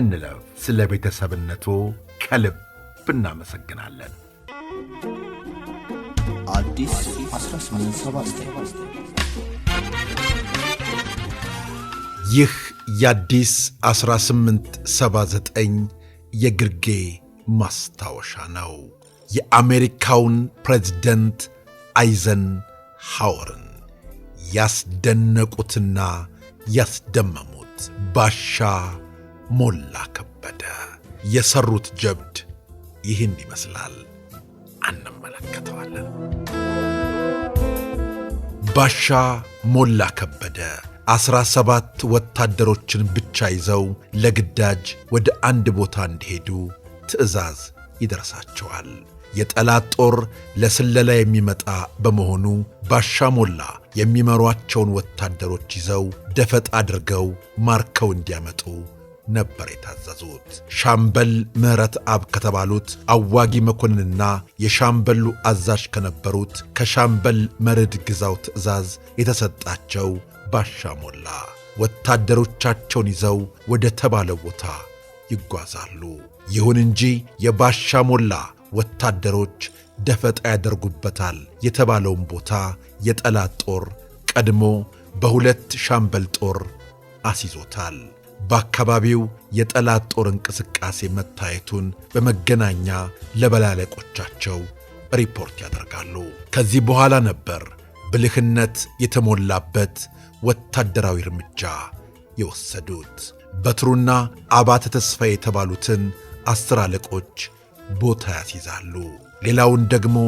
እንለፍ። ስለ ቤተሰብነቱ ከልብ እናመሰግናለን። ይህ የአዲስ 1879 የግርጌ ማስታወሻ ነው። የአሜሪካውን ፕሬዚደንት አይዘን ሃወርን ያስደነቁትና ያስደመሙት ባሻ ሞላ ከበደ የሰሩት ጀብድ ይህን ይመስላል። እንመለከተዋለን። ባሻ ሞላ ከበደ ዐሥራ ሰባት ወታደሮችን ብቻ ይዘው ለግዳጅ ወደ አንድ ቦታ እንዲሄዱ ትዕዛዝ ይደርሳቸዋል። የጠላት ጦር ለስለላ የሚመጣ በመሆኑ ባሻ ሞላ የሚመሯቸውን ወታደሮች ይዘው ደፈጥ አድርገው ማርከው እንዲያመጡ ነበር የታዘዙት። ሻምበል ምሕረት አብ ከተባሉት አዋጊ መኮንንና የሻምበሉ አዛዥ ከነበሩት ከሻምበል መርድ ግዛው ትእዛዝ የተሰጣቸው ባሻ ሞላ ወታደሮቻቸውን ይዘው ወደ ተባለ ቦታ ይጓዛሉ። ይሁን እንጂ የባሻ ሞላ ወታደሮች ደፈጣ ያደርጉበታል የተባለውን ቦታ የጠላት ጦር ቀድሞ በሁለት ሻምበል ጦር አስይዞታል። በአካባቢው የጠላት ጦር እንቅስቃሴ መታየቱን በመገናኛ ለበላለቆቻቸው ሪፖርት ያደርጋሉ። ከዚህ በኋላ ነበር ብልህነት የተሞላበት ወታደራዊ እርምጃ የወሰዱት። በትሩና አባተ ተስፋ የተባሉትን አስር አለቆች ቦታ ያስይዛሉ። ሌላውን ደግሞ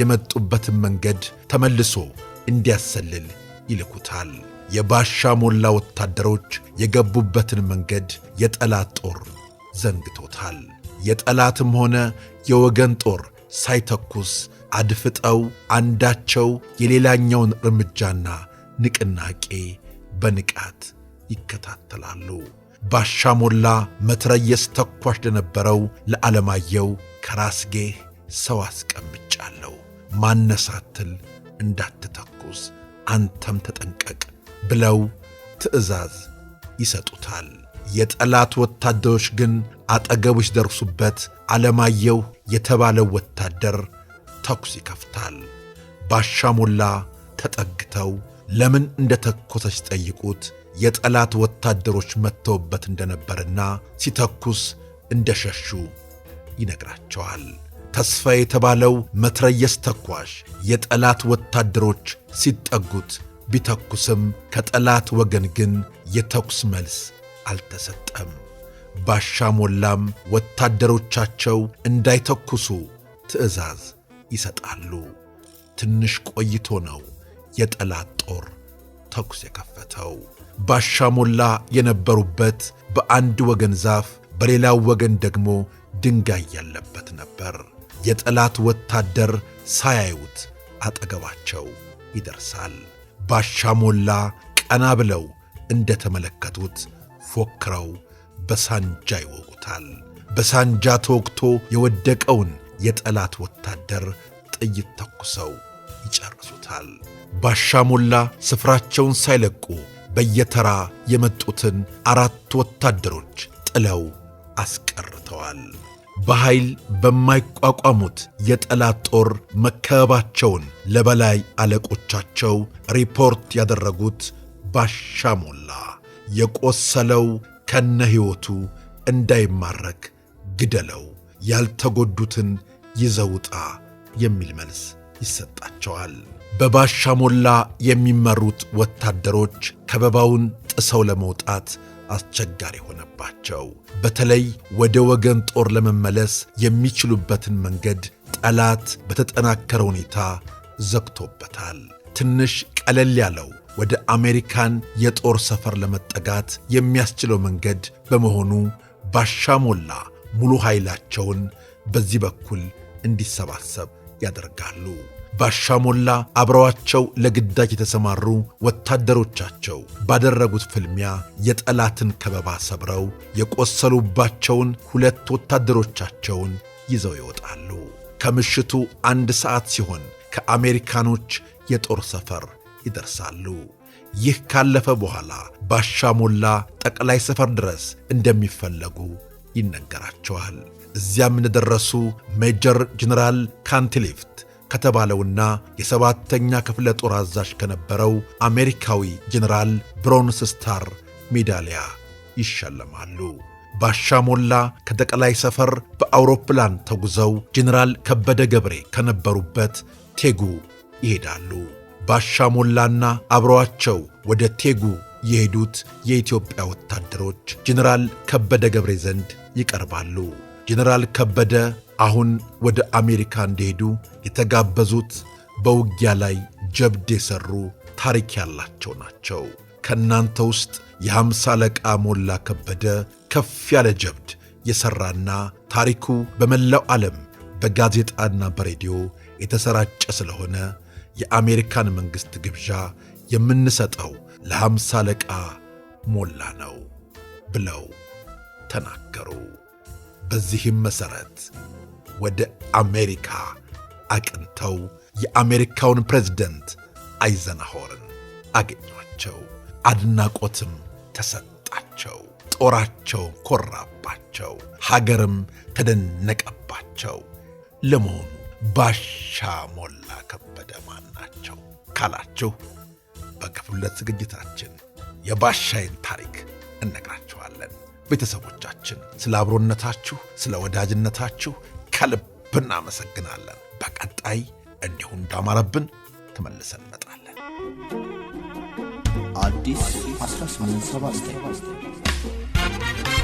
የመጡበትን መንገድ ተመልሶ እንዲያሰልል ይልኩታል። የባሻ ሞላ ወታደሮች የገቡበትን መንገድ የጠላት ጦር ዘንግቶታል። የጠላትም ሆነ የወገን ጦር ሳይተኩስ አድፍጠው አንዳቸው የሌላኛውን እርምጃና ንቅናቄ በንቃት ይከታተላሉ። ባሻ ሞላ መትረየስ ተኳሽ ለነበረው ለዓለማየሁ ከራስጌህ ሰው አስቀምጫለሁ፣ ማነሳትል እንዳትተኩስ አንተም ተጠንቀቅ ብለው ትዕዛዝ ይሰጡታል። የጠላት ወታደሮች ግን አጠገቦች ሲደርሱበት አለማየሁ የተባለው ወታደር ተኩስ ይከፍታል። ባሻሞላ ተጠግተው ለምን እንደ ተኮሰች ሲጠይቁት የጠላት ወታደሮች መጥተውበት እንደነበርና ሲተኩስ ሸሹ ይነግራቸዋል። ተስፋ የተባለው መትረየስ ተኳሽ የጠላት ወታደሮች ሲጠጉት ቢተኩስም ከጠላት ወገን ግን የተኩስ መልስ አልተሰጠም። ባሻ ሞላም ወታደሮቻቸው እንዳይተኩሱ ትዕዛዝ ይሰጣሉ። ትንሽ ቆይቶ ነው የጠላት ጦር ተኩስ የከፈተው። ባሻ ሞላ የነበሩበት በአንድ ወገን ዛፍ፣ በሌላው ወገን ደግሞ ድንጋይ ያለበት ነበር። የጠላት ወታደር ሳያዩት አጠገባቸው ይደርሳል። ባሻ ሞላ ቀና ብለው እንደ ተመለከቱት ፎክረው በሳንጃ ይወጉታል። በሳንጃ ተወግቶ የወደቀውን የጠላት ወታደር ጥይት ተኩሰው ይጨርሱታል። ባሻ ሞላ ስፍራቸውን ሳይለቁ በየተራ የመጡትን አራት ወታደሮች ጥለው አስቀርተዋል። በኃይል በማይቋቋሙት የጠላት ጦር መከበባቸውን ለበላይ አለቆቻቸው ሪፖርት ያደረጉት ባሻ ሞላ የቆሰለው ከነ ሕይወቱ እንዳይማረክ ግደለው፣ ያልተጎዱትን ይዘውጣ የሚል መልስ ይሰጣቸዋል። በባሻ ሞላ የሚመሩት ወታደሮች ከበባውን ጥሰው ለመውጣት አስቸጋሪ ሆነባቸው። በተለይ ወደ ወገን ጦር ለመመለስ የሚችሉበትን መንገድ ጠላት በተጠናከረ ሁኔታ ዘግቶበታል። ትንሽ ቀለል ያለው ወደ አሜሪካን የጦር ሰፈር ለመጠጋት የሚያስችለው መንገድ በመሆኑ ባሻሞላ ሙሉ ኃይላቸውን በዚህ በኩል እንዲሰባሰብ ያደርጋሉ። ባሻ ሞላ አብረዋቸው ለግዳጅ የተሰማሩ ወታደሮቻቸው ባደረጉት ፍልሚያ የጠላትን ከበባ ሰብረው የቆሰሉባቸውን ሁለት ወታደሮቻቸውን ይዘው ይወጣሉ። ከምሽቱ አንድ ሰዓት ሲሆን ከአሜሪካኖች የጦር ሰፈር ይደርሳሉ። ይህ ካለፈ በኋላ ባሻ ሞላ ጠቅላይ ሰፈር ድረስ እንደሚፈለጉ ይነገራቸዋል። እዚያም እንደደረሱ ሜጀር ጀነራል ካንቲሊፍት ከተባለውና የሰባተኛ ክፍለ ጦር አዛዥ ከነበረው አሜሪካዊ ጀኔራል ብሮንስ ስታር ሜዳሊያ ይሸለማሉ። ባሻ ሞላ ከጠቅላይ ሰፈር በአውሮፕላን ተጉዘው ጀኔራል ከበደ ገብሬ ከነበሩበት ቴጉ ይሄዳሉ። ባሻ ሞላና አብረዋቸው ወደ ቴጉ የሄዱት የኢትዮጵያ ወታደሮች ጀኔራል ከበደ ገብሬ ዘንድ ይቀርባሉ። ጀኔራል ከበደ አሁን ወደ አሜሪካ እንዲሄዱ የተጋበዙት በውጊያ ላይ ጀብድ የሠሩ ታሪክ ያላቸው ናቸው። ከእናንተ ውስጥ የሐምሳ አለቃ ሞላ ከበደ ከፍ ያለ ጀብድ የሠራና ታሪኩ በመላው ዓለም በጋዜጣና በሬዲዮ የተሰራጨ ስለሆነ የአሜሪካን መንግሥት ግብዣ የምንሰጠው ለሐምሳ አለቃ ሞላ ነው ብለው ተናገሩ። በዚህም መሠረት ወደ አሜሪካ አቅንተው የአሜሪካውን ፕሬዚደንት አይዘናሆርን አገኟቸው። አድናቆትም ተሰጣቸው። ጦራቸው ኮራባቸው፣ ሀገርም ተደነቀባቸው። ለመሆኑ ባሻ ሞላ ከበደ ማን ናቸው ካላችሁ በክፍለት ዝግጅታችን የባሻይን ታሪክ እነግራችኋለን። ቤተሰቦቻችን ስለ አብሮነታችሁ፣ ስለ ወዳጅነታችሁ ከልብ እናመሰግናለን። በቀጣይ እንዲሁ እንዳማረብን ተመልሰን እንመጣለን። አዲስ 1879